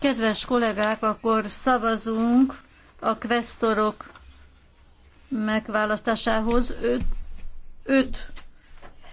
Kedves kollégák, akkor szavazunk a kvesztorok megválasztásához. Öt, öt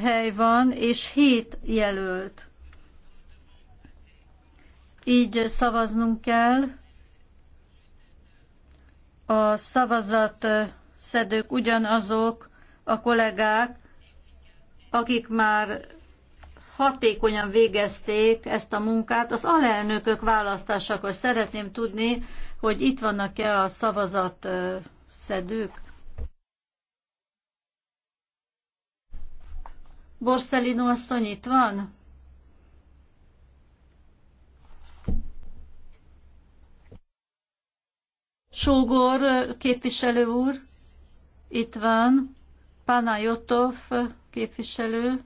hely van, és hét jelölt. Így szavaznunk kell. A szavazat szedők ugyanazok a kollégák, akik már hatékonyan végezték ezt a munkát. Az alelnökök választásakor szeretném tudni, hogy itt vannak-e a szavazat szedők. Borszelino asszony itt van? Sógor képviselő úr, itt van. Jotov képviselő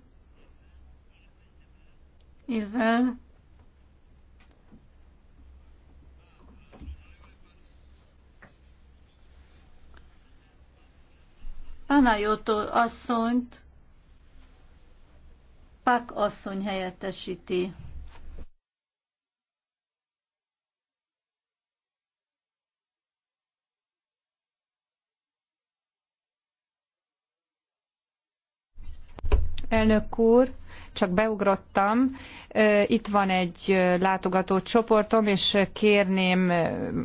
évvel Panajotó asszonyt Pak asszony helyettesíti. Elnök úr, csak beugrottam. Itt van egy látogató csoportom, és kérném,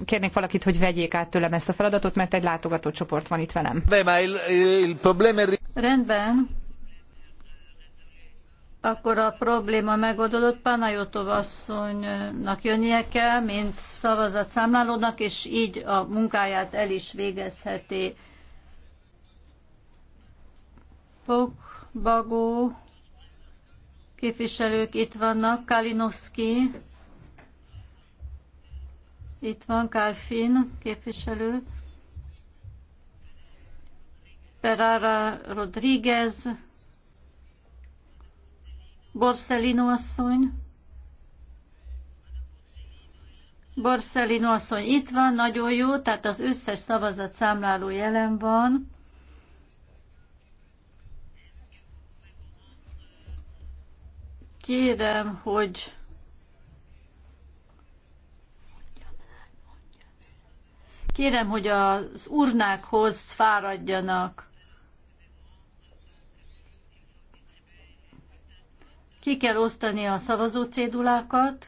kérnék valakit, hogy vegyék át tőlem ezt a feladatot, mert egy látogató csoport van itt velem. Eh, Rendben. Akkor a probléma megoldódott, Panajotov asszonynak jönnie kell, mint szavazat számlálónak, és így a munkáját el is végezheti. Pok, Bagó képviselők itt vannak, Kalinowski, itt van Kálfin képviselő, Ferrara Rodríguez, Borsellino asszony, Borsellino asszony itt van, nagyon jó, tehát az összes szavazat számláló jelen van. Kérem, hogy kérem, hogy az urnákhoz fáradjanak. Ki kell osztani a szavazócédulákat.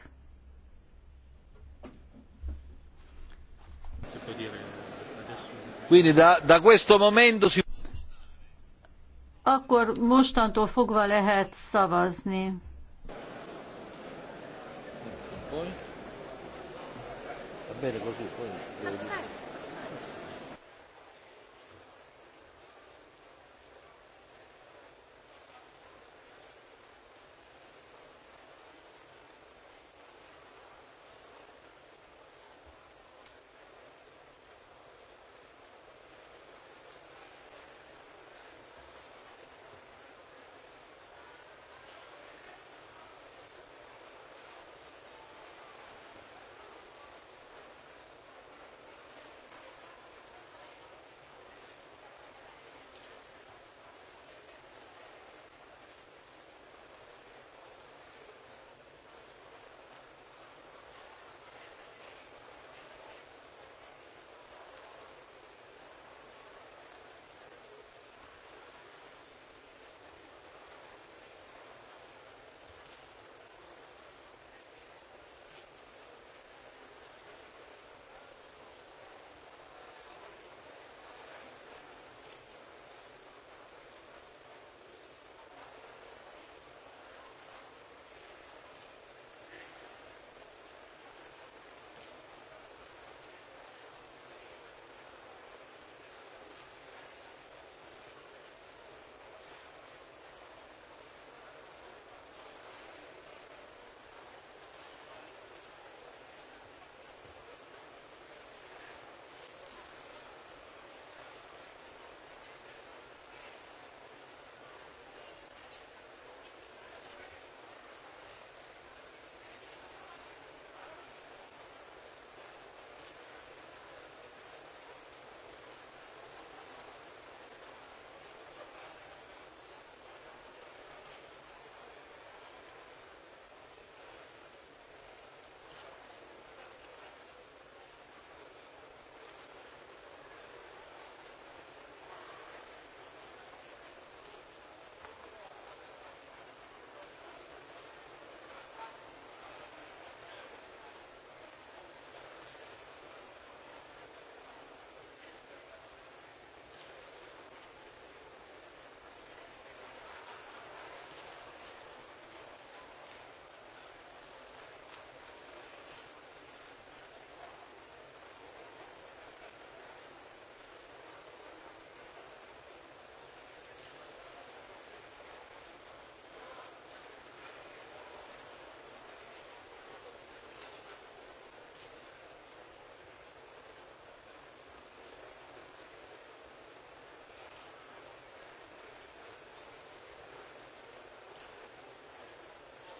Quindi da, da questo momento si... Akkor mostantól fogva lehet szavazni poi va bene così poi devo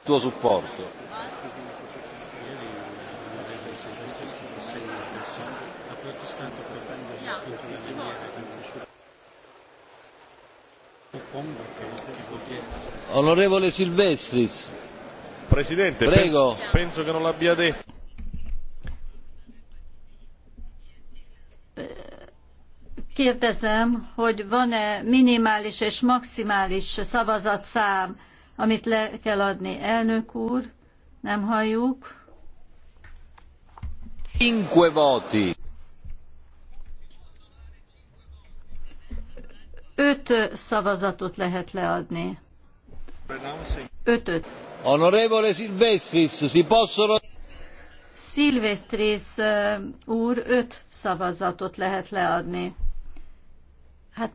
tuo supporto. Onorevole Silvestris. Presidente, Prego. Penso, penso che non l'abbia detto. Kérdezem, hogy van-e minimális és maximális szavazatszám amit le kell adni. Elnök úr, nem halljuk. Cinque voti. Öt szavazatot lehet leadni. Ötöt. Honorevole Silvestris, si possono... Silvestris eh, úr öt szavazatot lehet leadni. Hát...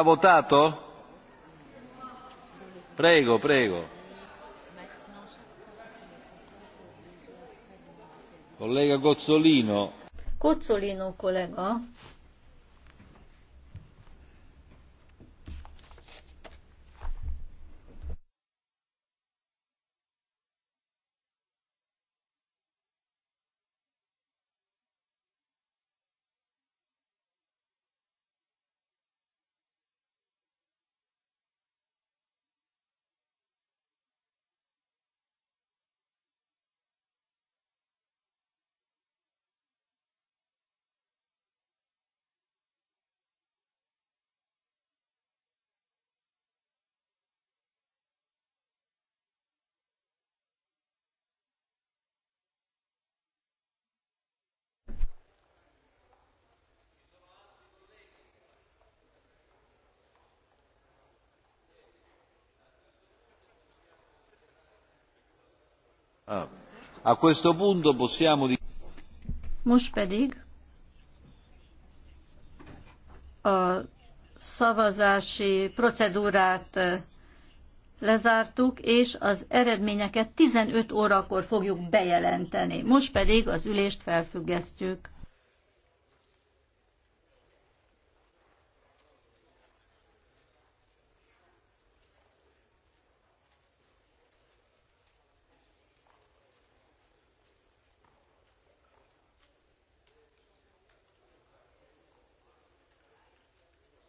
Ha votato? Prego, prego. Kollega Gozzolino. Gozzolino kollega. A questo punto possiamo... Most pedig a szavazási procedúrát lezártuk, és az eredményeket 15 órakor fogjuk bejelenteni. Most pedig az ülést felfüggesztjük.